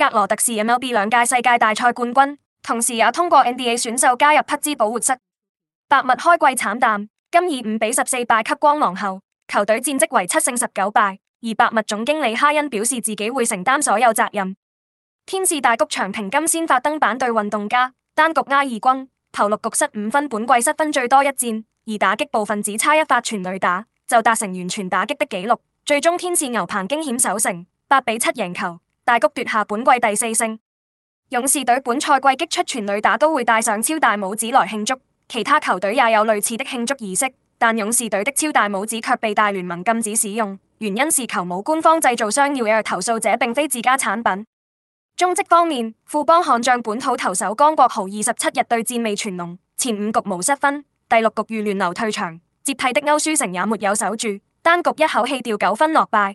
格羅特是 MLB 兩屆世界大賽冠軍，同時也通過 NBA 選秀加入匹茲堡活塞。白襪開季慘淡，今以五比十四敗給光芒後，球隊戰績為七勝十九敗。而白襪總經理哈恩表示自己會承擔所有責任。天使大谷翔平今先發登板對運動家，單局挨二軍，頭六局失五分，本季失分最多一戰。而打擊部分只差一發全壘打就達成完全打擊的紀錄，最終天使牛棚驚險守成八比七贏球。大谷奪下本季第四勝。勇士隊本賽季擊出全壘打都會戴上超大帽子來慶祝，其他球隊也有類似的慶祝儀式，但勇士隊的超大帽子卻被大聯盟禁止使用，原因是球帽官方製造商要約投訴者並非自家產品。中職方面，富邦悍將本土投手江國豪二十七日對戰味全龍，前五局無失分，第六局遇亂流退場，接替的歐書成也沒有守住，單局一口氣掉九分落敗。